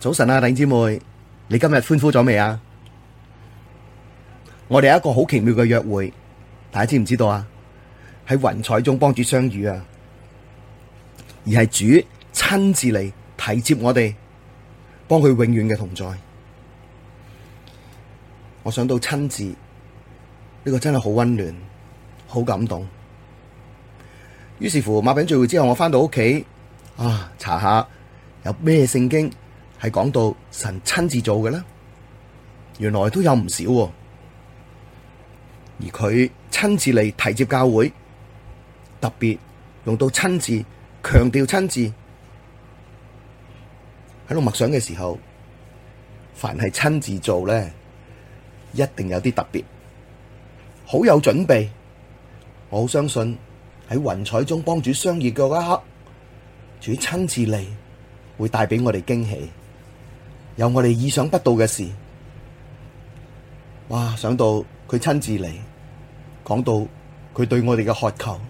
早晨啊，弟姐妹，你今日歡呼咗未啊？我哋有一個好奇妙嘅約會，大家知唔知道啊？喺雲彩中幫主相遇啊，而係主親自嚟提接我哋，幫佢永遠嘅同在。我想到親自呢個真係好温暖，好感動。於是乎，擘餅聚會之後，我翻到屋企啊，查下有咩聖經。係講到神親自做嘅啦，原來都有唔少，啊，而佢親自嚟提接教會，特別用到親自強調親自喺度默想嘅時候，凡係親自做咧，一定有啲特別，好有準備。我好相信喺雲彩中幫主相遇嘅一刻，主親自嚟會帶俾我哋驚喜。有我哋意想不到嘅事，哇！想到佢親自嚟，講到佢對我哋嘅渴求，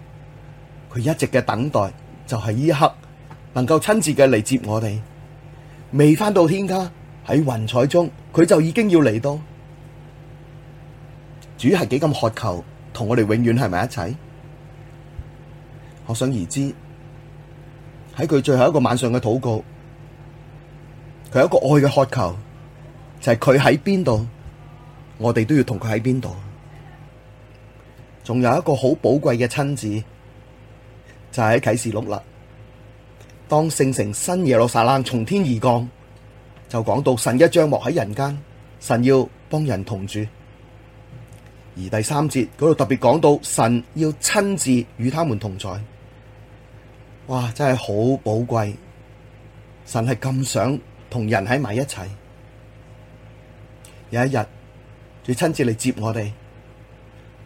佢一直嘅等待就係、是、呢一刻能夠親自嘅嚟接我哋，未翻到天家喺雲彩中，佢就已經要嚟到。主係幾咁渴求，同我哋永遠係埋一齊，可想而知。喺佢最後一個晚上嘅禱告。佢有一個愛嘅渴求，就係佢喺邊度，我哋都要同佢喺邊度。仲有一個好寶貴嘅親子，就喺、是、啟示錄啦。當聖城新耶路撒冷從天而降，就講到神嘅帳幕喺人間，神要幫人同住。而第三節嗰度特別講到神要親自與他們同在，哇！真係好寶貴，神係咁想。同人喺埋一齊，有一日佢親自嚟接我哋，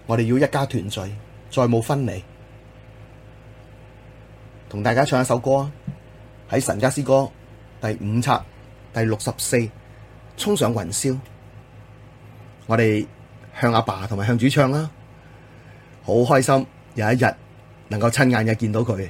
我哋要一家團聚，再冇分離。同大家唱一首歌啊，喺神家詩歌第五冊第六十四，衝上雲霄。我哋向阿爸同埋向主唱啦，好開心，有一日能夠親眼嘅見到佢。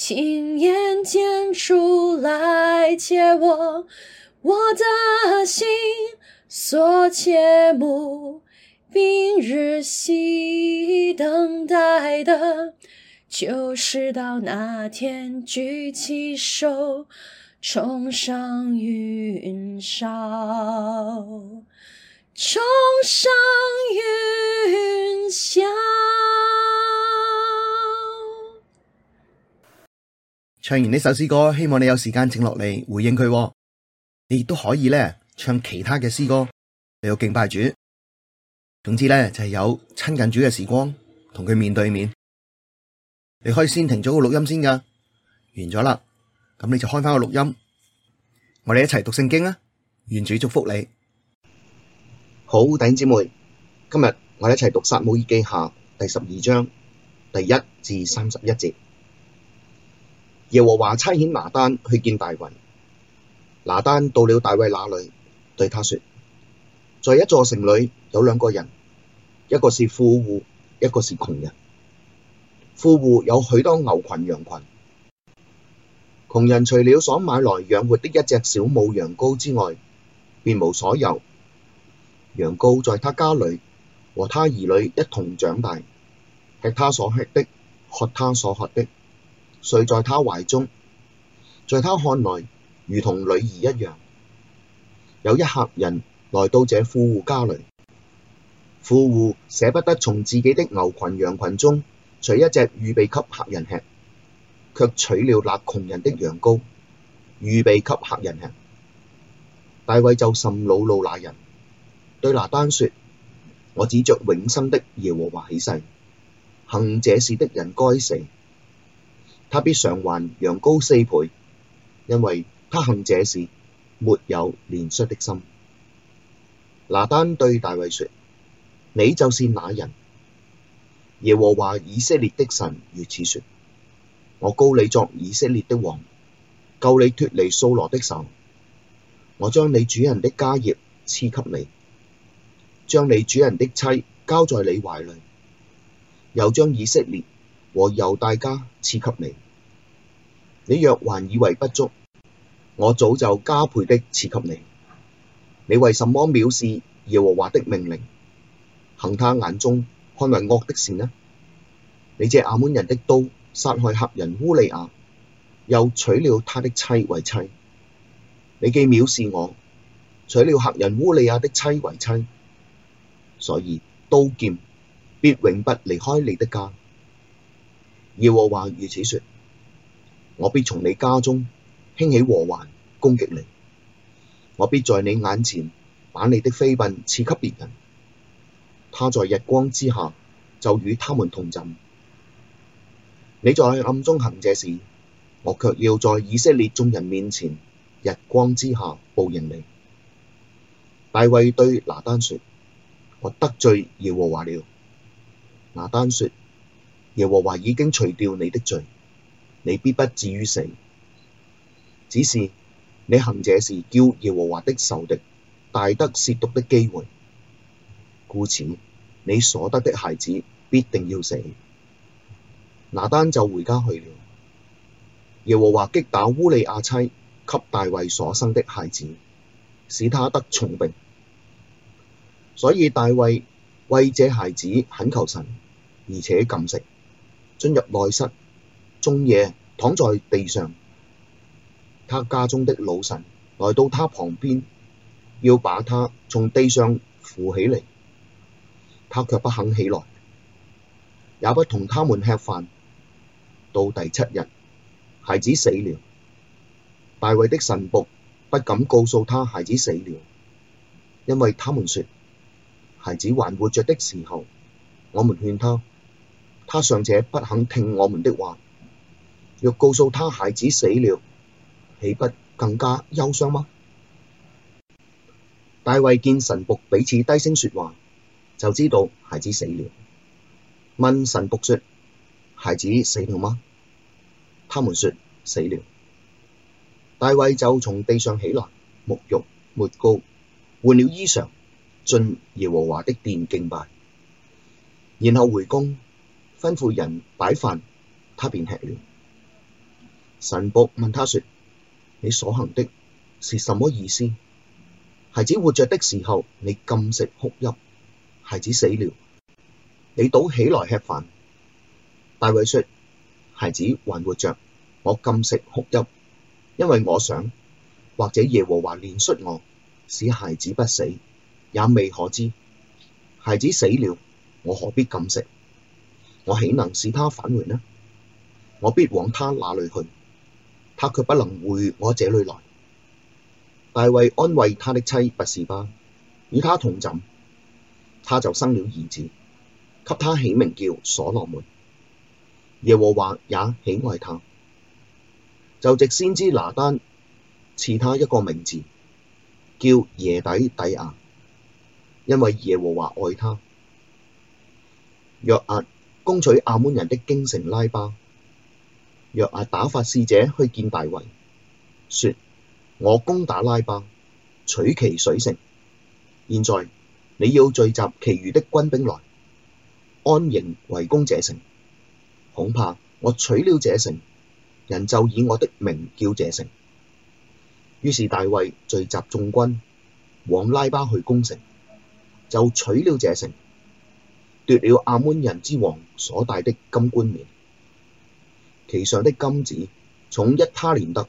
親眼見主來接我，我的心所切慕，並日夕等待的，就是到那天，舉起手，沖上雲霄，沖上雲霄。唱完呢首詩歌，希望你有時間靜落嚟回應佢。你亦都可以咧唱其他嘅詩歌，你要敬拜主。總之咧就係、是、有親近主嘅時光，同佢面對面。你可以先停咗個錄音先噶，完咗啦，咁你就開翻個錄音，我哋一齊讀聖經啊！願主祝福你。好，弟兄姊妹，今日我哋一齊讀撒母耳記下第十二章第一至三十一節。耶和華差遣拿單去見大衛。拿單到了大衛那裡，對他說：在一座城裡有兩個人，一個是富戶，一個是窮人。富戶有許多牛群羊群，窮人除了所買來養活的一隻小母羊羔之外，別無所有。羊羔在他家裡和他兒女一同長大，吃他所吃的，喝他所喝的。睡在他懷中，在他看來如同女兒一樣。有一客人來到這富戶家裡，富戶捨不得從自己的牛群羊群中取一隻預備給客人吃，卻取了那窮人的羊羔預備給客人吃。大衛就甚惱怒那人，對拿單說：我指着永生的耶和華起誓，行這事的人該死。他必償還羊羔四倍，因為他恨這事，沒有憐恤的心。拿單對大衛說：你就是那人。耶和華以色列的神如此說：我膏你作以色列的王，救你脱離掃羅的手。我將你主人的家業賜給你，將你主人的妻交在你懷裡，又將以色列。和猶大家賜給你，你若還以為不足，我早就加倍的賜給你。你為什麼藐視耶和華的命令，行他眼中看為惡的事呢？你借亞捫人的刀殺害赫人烏利亞，又娶了他的妻為妻。你既藐視我，娶了赫人烏利亞的妻為妻，所以刀劍必永不離開你的家。耶和華如此說：我必從你家中興起禍患攻擊你，我必在你眼前把你的妃嬪賜給別人。他在日光之下就與他們同寢，你在暗中行這事，我卻要在以色列眾人面前，日光之下報應你。大衛對拿單說：我得罪耶和華了。拿單說。耶和華已經除掉你的罪，你必不至於死。只是你行這事，叫耶和華的仇敵大得褻瀆的機會，故此，你所得的孩子必定要死。拿單就回家去了。耶和華擊打烏利亞妻，給大衛所生的孩子，使他得重病。所以大衛為這孩子懇求神，而且禁食。進入內室，終夜躺在地上。他家中的老臣來到他旁邊，要把他從地上扶起嚟，他卻不肯起來，也不同他們吃飯。到第七日，孩子死了。大衛的臣僕不敢告訴他孩子死了，因為他們說，孩子還活着的時候，我們勸他。他尚且不肯聽我們的話，若告訴他孩子死了，豈不更加憂傷嗎？大衛見臣僕彼此低聲說話，就知道孩子死了。問臣僕說：孩子死了嗎？他們說，死了。大衛就從地上起來，沐浴、抹、抹膏、換了衣裳，進耶和華的殿敬拜，然後回宮。吩咐人擺飯，他便吃了。臣僕問他說：你所行的是什麼意思？孩子活着的時候，你禁食哭泣；孩子死了，你倒起來吃飯。大衛説：孩子還活着，我禁食哭泣，因為我想或者耶和華憐恤我，使孩子不死，也未可知。孩子死了，我何必禁食？我豈能使他返回呢？我必往他那裡去，他卻不能回我這裡來。大衛安慰他的妻拔示巴，與他同枕，他就生了兒子，給他起名叫所羅門。耶和華也喜愛他，就藉先知拿單賜他一個名字，叫耶底底亞，因為耶和華愛他。約押攻取亞捫人的京城拉巴，約押打發使者去見大衛，說：我攻打拉巴，取其水城。現在你要聚集其餘的軍兵來安營圍攻這城，恐怕我取了這城，人就以我的名叫這城。於是大衛聚集眾軍往拉巴去攻城，就取了這城。奪了亞捫人之王所戴的金冠冕，其上的金子重一他連得，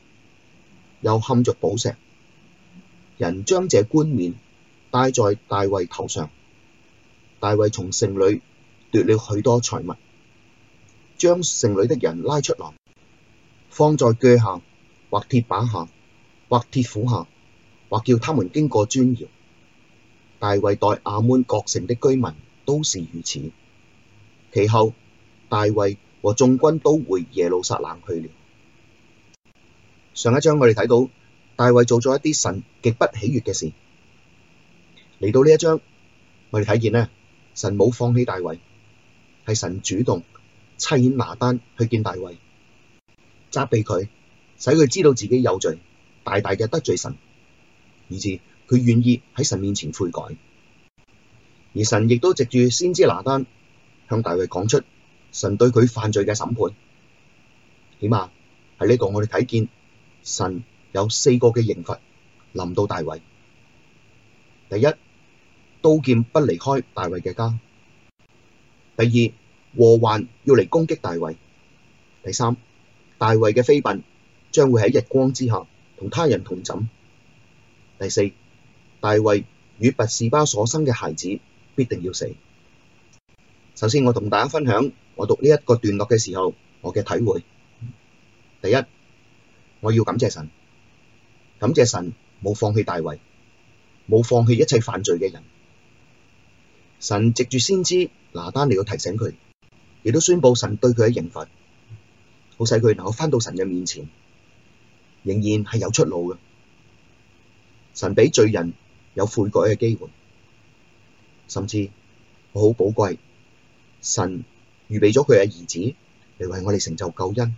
又嵌着寶石。人將這冠冕戴在大衛頭上。大衛從城裡奪了許多財物，將城裡的人拉出來，放在鋸下、或鐵耙下、或鐵斧下，或叫他們經過磚窯。大衛待亞捫各城的居民。都是如此。其後，大衛和眾軍都回耶路撒冷去了。上一章我哋睇到大衛做咗一啲神極不喜悅嘅事。嚟到呢一章，我哋睇見呢，神冇放棄大衛，係神主動差遣拿單去見大衛，責備佢，使佢知道自己有罪，大大嘅得罪神，以致佢願意喺神面前悔改。而神亦都藉住先知拿單向大衛講出神對佢犯罪嘅審判，起碼喺呢個我哋睇見神有四個嘅刑罰臨到大衛：第一，刀劍不離開大衛嘅家；第二，禍患要嚟攻擊大衛；第三，大衛嘅妃嬪將會喺日光之下同他人同枕；第四，大衛與拔示巴所生嘅孩子。必定要死。首先，我同大家分享我讀呢一個段落嘅時候，我嘅體會。第一，我要感謝神，感謝神冇放棄大衛，冇放棄一切犯罪嘅人。神藉住先知拿單嚟到提醒佢，亦都宣布神對佢嘅刑罰，好使佢能夠返到神嘅面前，仍然係有出路嘅。神畀罪人有悔改嘅機會。甚至我好寶貴，神預備咗佢嘅兒子嚟為我哋成就救恩，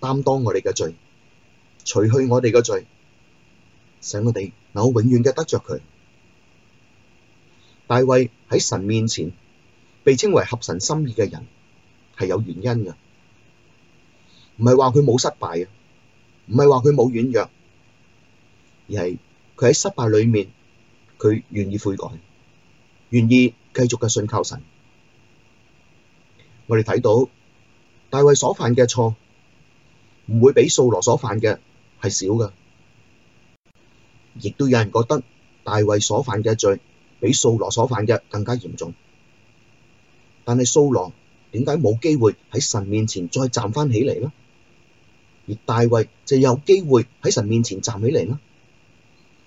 擔當我哋嘅罪，除去我哋嘅罪，使我哋能夠永遠嘅得着佢。大衛喺神面前被稱為合神心意嘅人，係有原因嘅，唔係話佢冇失敗啊，唔係話佢冇軟弱，而係佢喺失敗裏面，佢願意悔改。願意繼續嘅信靠神，我哋睇到大衛所犯嘅錯唔會比掃羅所犯嘅係少嘅，亦都有人覺得大衛所犯嘅罪比掃羅所犯嘅更加嚴重。但係掃羅點解冇機會喺神面前再站翻起嚟呢？而大衛就有機會喺神面前站起嚟呢？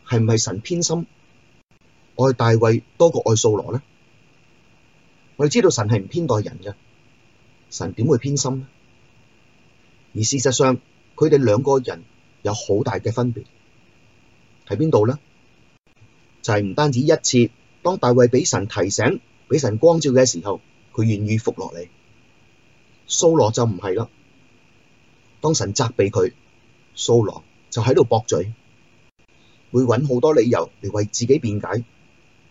係唔係神偏心？愛大衛多過愛掃羅呢。我哋知道神係唔偏待人嘅，神點會偏心呢？而事實上，佢哋兩個人有好大嘅分別，喺邊度呢？就係唔單止一次，當大衛畀神提醒、畀神光照嘅時候，佢願意服落嚟；掃羅就唔係啦，當神責備佢，掃羅就喺度駁嘴，會揾好多理由嚟為自己辯解。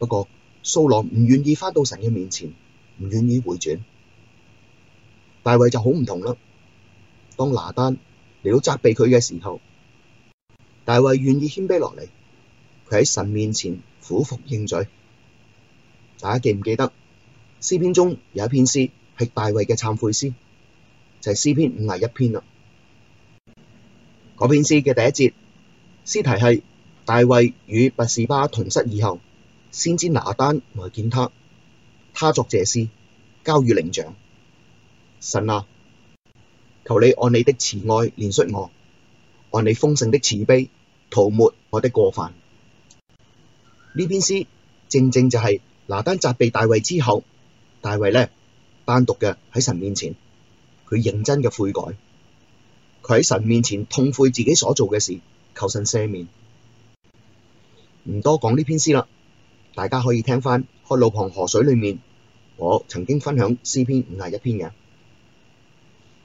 不過掃羅唔願意返到神嘅面前，唔願意回轉。大衛就好唔同啦。當拿單嚟到責備佢嘅時候，大衛願意謙卑落嚟，佢喺神面前俯伏認罪。大家記唔記得詩篇中有一篇詩係大衛嘅懺悔詩，就係、是、詩篇五十一篇啦。嗰篇詩嘅第一節，詩題係大衛與拔示巴同室以後。先知拿單來見他，他作這詩交與伶長：神啊，求你按你的慈愛憐恤我，按你豐盛的慈悲塗抹我的過犯。呢篇詩正正就係拿單責備大衛之後，大衛呢單獨嘅喺神面前，佢認真嘅悔改，佢喺神面前痛悔自己所做嘅事，求神赦免。唔多講呢篇詩啦。大家可以聽翻開《路旁河水》裏面，我曾經分享詩篇五十一篇嘅。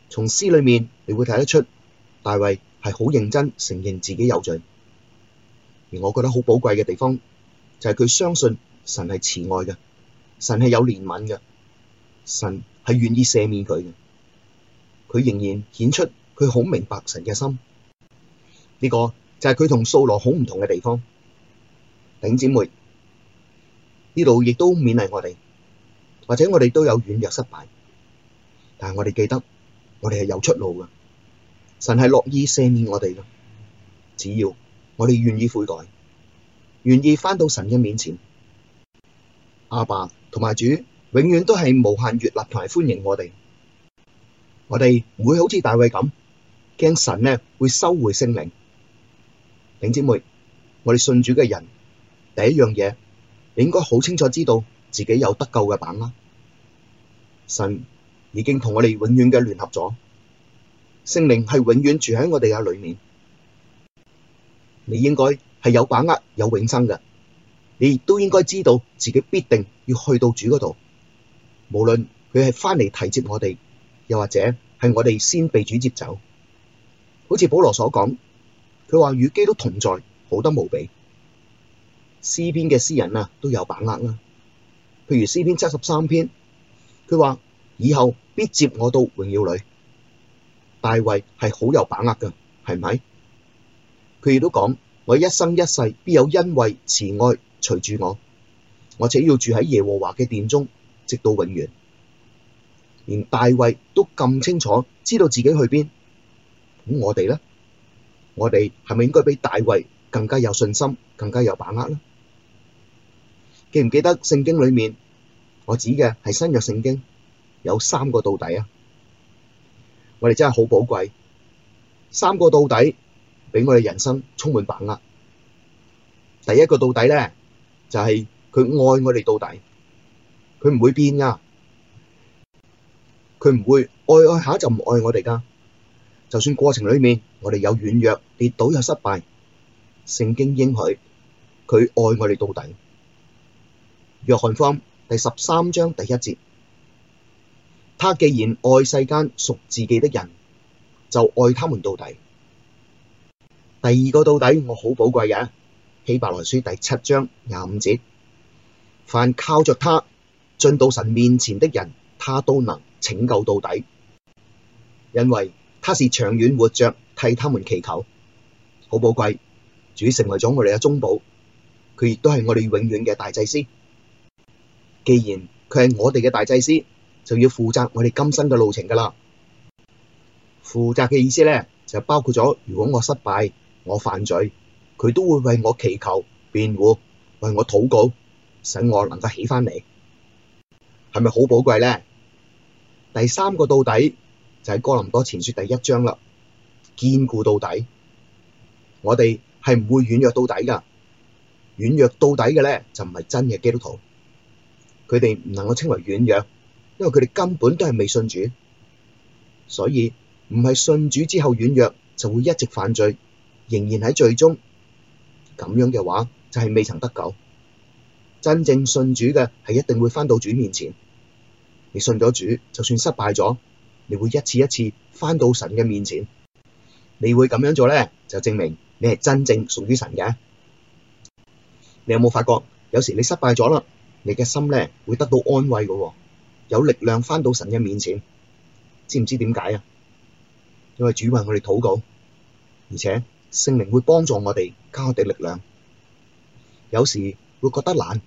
從詩裏面，你會睇得出大衛係好認真承認自己有罪，而我覺得好寶貴嘅地方就係、是、佢相信神係慈愛嘅，神係有憐憫嘅，神係願意赦免佢嘅。佢仍然顯出佢好明白神嘅心，呢、這個就係佢同掃羅好唔同嘅地方，頂姊妹。呢度亦都勉勵我哋，或者我哋都有軟弱失敗，但係我哋記得，我哋係有出路噶。神係樂意赦免我哋噶，只要我哋願意悔改，願意翻到神嘅面前。阿爸同埋主永遠都係無限悅納同埋歡迎我哋，我哋唔會好似大衛咁驚神咧會收回聖靈。弟兄姊妹，我哋信主嘅人第一樣嘢。你應該好清楚知道自己有得救嘅把握，神已經同我哋永遠嘅聯合咗，聖靈係永遠住喺我哋嘅裏面。你應該係有把握有永生嘅，你亦都應該知道自己必定要去到主嗰度，無論佢係返嚟提接我哋，又或者係我哋先被主接走。好似保羅所講，佢話與基督同在，好得無比。詩篇嘅詩人啊，都有把握啦。譬如詩篇七十三篇，佢話以後必接我到榮耀裏，大衛係好有把握㗎，係咪？佢亦都講，我一生一世必有恩惠慈愛隨住我，我且要住喺耶和華嘅殿中，直到永遠。連大衛都咁清楚知道自己去邊，咁我哋咧，我哋係咪應該比大衛更加有信心，更加有把握咧？記唔記得聖經裏面我指嘅係新約聖經有三個到底啊？我哋真係好寶貴，三個到底畀我哋人生充滿把握。第一個到底咧，就係佢愛我哋到底，佢唔會變噶，佢唔會愛愛下就唔愛我哋噶。就算過程裏面我哋有軟弱、跌倒又失敗，聖經應許佢愛我哋到底。約翰方第十三章第一節，他既然愛世間屬自己的人，就愛他們到底。第二個到底我好寶貴啊，希伯來書第七章廿五節，凡靠着他進到神面前的人，他都能拯救到底，因為他是長遠活着替他們祈求，好寶貴，主成為咗我哋嘅中保，佢亦都係我哋永遠嘅大祭司。既然佢係我哋嘅大祭司，就要負責我哋今生嘅路程噶啦。負責嘅意思咧，就包括咗，如果我失敗、我犯罪，佢都會為我祈求、辯護、為我禱告，使我能夠起翻嚟，係咪好寶貴咧？第三個到底就喺哥林多前書第一章啦，堅固到底，我哋係唔會軟弱到底噶，軟弱到底嘅咧就唔係真嘅基督徒。佢哋唔能夠稱為軟弱，因為佢哋根本都係未信主，所以唔係信主之後軟弱就會一直犯罪，仍然喺最終咁樣嘅話，就係未曾得救。真正信主嘅係一定會翻到主面前。你信咗主，就算失敗咗，你會一次一次翻到神嘅面前。你會咁樣做咧，就證明你係真正屬於神嘅。你有冇發覺有時你失敗咗啦？你嘅心咧會得到安慰嘅，哦，有力量返到神嘅面前，知唔知點解啊？因為主為我哋禱告，而且聖靈會幫助我哋，加我哋力量。有時會覺得懶，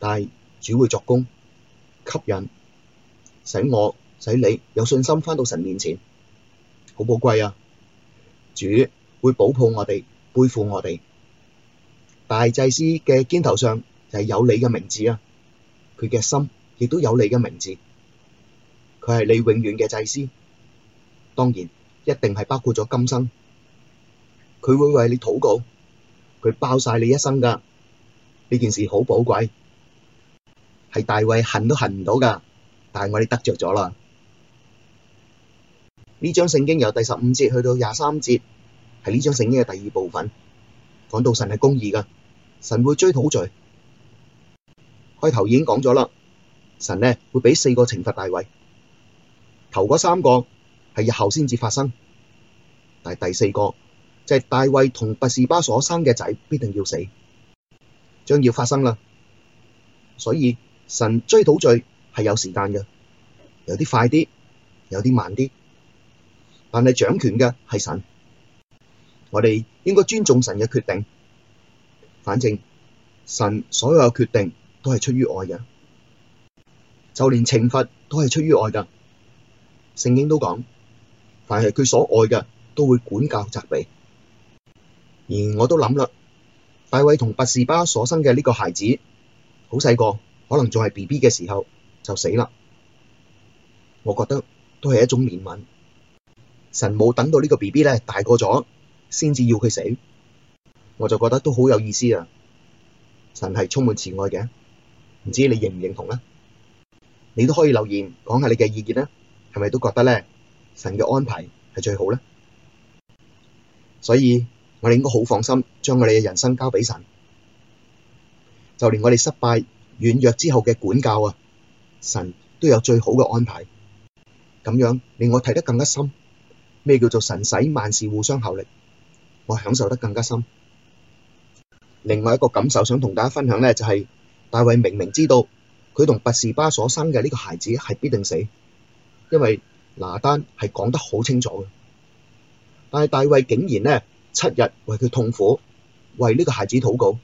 但係主會作工，吸引，使我使你有信心返到神面前，好寶貴啊！主會保護我哋，背負我哋，大祭司嘅肩頭上。係有你嘅名字啊，佢嘅心亦都有你嘅名字，佢係你永遠嘅祭司，當然一定係包括咗今生，佢會為你禱告，佢包晒你一生噶。呢件事好寶貴，係大衛恨都恨唔到噶，但係我哋得着咗啦。呢張聖經由第十五節去到廿三節，係呢張聖經嘅第二部分，講到神係公義噶，神會追討罪。開頭已經講咗啦，神咧會俾四個懲罰大衛，頭嗰三個係日後先至發生，但係第四個就係大衛同拔示巴所生嘅仔必定要死，將要發生啦。所以神追討罪係有時間嘅，有啲快啲，有啲慢啲，但係掌權嘅係神，我哋應該尊重神嘅決定。反正神所有嘅決定，都係出於愛嘅，就連懲罰都係出於愛㗎。聖經都講，凡係佢所愛嘅，都會管教責備。而我都諗啦，大衛同拔示巴所生嘅呢個孩子，好細個，可能仲係 BB 嘅時候就死啦。我覺得都係一種憐憫，神冇等到個寶寶呢個 BB 咧大過咗，先至要佢死，我就覺得都好有意思啊！神係充滿慈愛嘅。唔知你認唔認同咧？你都可以留言講下你嘅意見啦，係咪都覺得咧，神嘅安排係最好咧？所以我哋應該好放心，將我哋嘅人生交俾神。就連我哋失敗軟弱之後嘅管教啊，神都有最好嘅安排。咁樣令我睇得更加深，咩叫做神使萬事互相效力，我享受得更加深。另外一個感受想同大家分享咧，就係。大衛明明知道佢同拔士巴所生嘅呢個孩子係必定死，因為拿單係講得好清楚嘅。但係大衛竟然呢七日為佢痛苦，為呢個孩子禱告。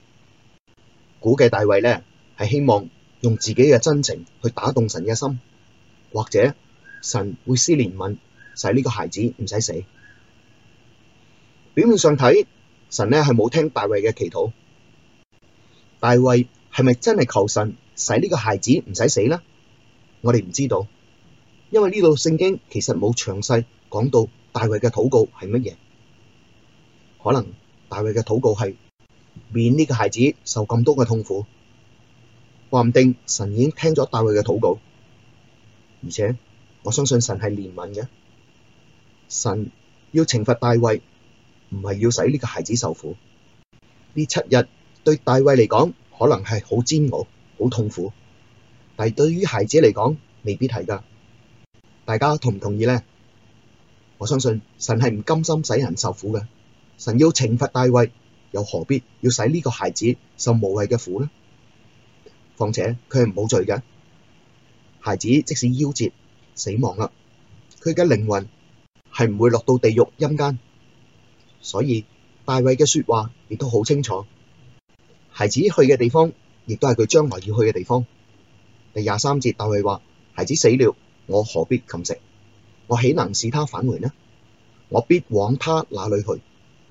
估計大衛呢係希望用自己嘅真情去打動神嘅心，或者神會施憐憫，使呢個孩子唔使死。表面上睇，神呢係冇聽大衛嘅祈禱，大衛。係咪真係求神使呢個孩子唔使死呢？我哋唔知道，因為呢度聖經其實冇詳細講到大衛嘅禱告係乜嘢。可能大衛嘅禱告係免呢個孩子受咁多嘅痛苦，話唔定神已經聽咗大衛嘅禱告。而且我相信神係憐憫嘅，神要懲罰大衛，唔係要使呢個孩子受苦。呢七日對大衛嚟講。可能係好煎熬，好痛苦，但係，對於孩子嚟講，未必係噶。大家同唔同意呢？我相信神係唔甘心使人受苦嘅，神要懲罰大衛，又何必要使呢個孩子受無謂嘅苦呢？況且佢係冇罪嘅，孩子即使夭折，死亡啦，佢嘅靈魂係唔會落到地獄陰間。所以大衛嘅說話亦都好清楚。孩子去嘅地方，亦都係佢將來要去嘅地方。第廿三節，大衛話：孩子死了，我何必禁食？我豈能使他返回呢？我必往他那裡去，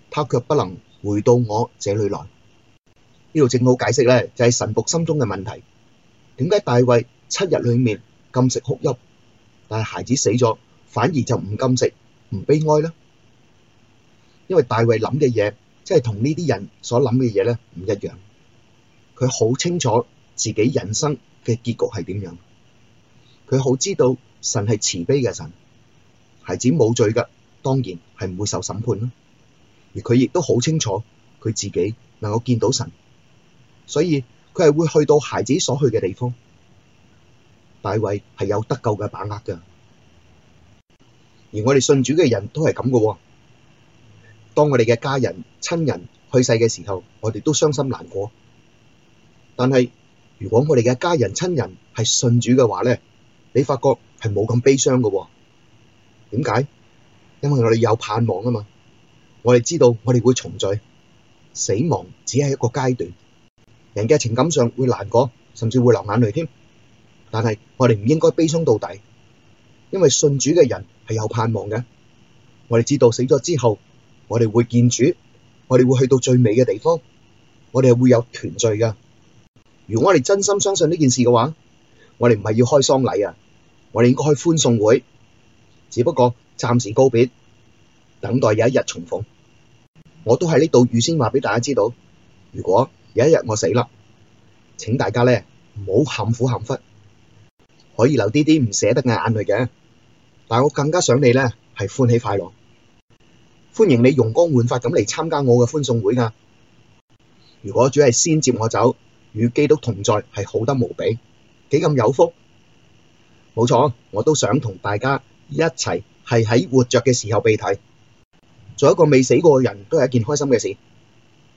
他卻不能回到我這裡來。呢度正好解釋呢，就係神僕心中嘅問題，點解大衛七日裡面禁食哭泣，但係孩子死咗，反而就唔禁食，唔悲哀呢？因為大衛諗嘅嘢，即係同呢啲人所諗嘅嘢呢，唔一樣。佢好清楚自己人生嘅結局係點樣，佢好知道神係慈悲嘅神，孩子冇罪噶，當然係唔會受審判啦。而佢亦都好清楚佢自己能夠見到神，所以佢係會去到孩子所去嘅地方。大衛係有得救嘅把握噶，而我哋信主嘅人都係咁噶。當我哋嘅家人、親人去世嘅時候，我哋都傷心難過。但係，如果我哋嘅家人、親人係信主嘅話咧，你發覺係冇咁悲傷嘅，哦。點解？因為我哋有盼望啊嘛。我哋知道我哋會重聚，死亡只係一個階段，人嘅情感上會難過，甚至會流眼淚添。但係我哋唔應該悲傷到底，因為信主嘅人係有盼望嘅。我哋知道死咗之後，我哋會見主，我哋會去到最美嘅地方，我哋係會有團聚㗎。如果我哋真心相信呢件事嘅話，我哋唔係要開喪禮啊，我哋應該開歡送會。只不過暫時告別，等待有一日重逢。我都喺呢度預先話畀大家知道，如果有一日我死啦，請大家咧唔好喊苦喊忽，可以留啲啲唔捨得嘅眼淚嘅。但係我更加想你咧係歡喜快樂，歡迎你容光煥發咁嚟參加我嘅歡送會噶。如果主係先接我走。與基督同在係好得無比，幾咁有福，冇錯。我都想同大家一齊係喺活着嘅時候被提，做一個未死過嘅人都係一件開心嘅事。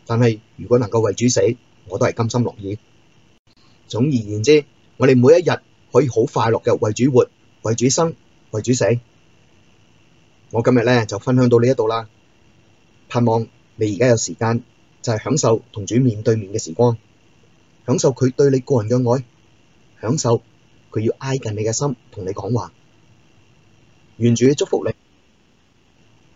但係如果能夠為主死，我都係甘心樂意。總而言之，我哋每一日可以好快樂嘅為主活，為主生、為主死。我今日咧就分享到呢一度啦，盼望你而家有時間就係享受同主面對面嘅時光。享受佢對你個人嘅愛，享受佢要挨近你嘅心，同你講話，願主祝福你。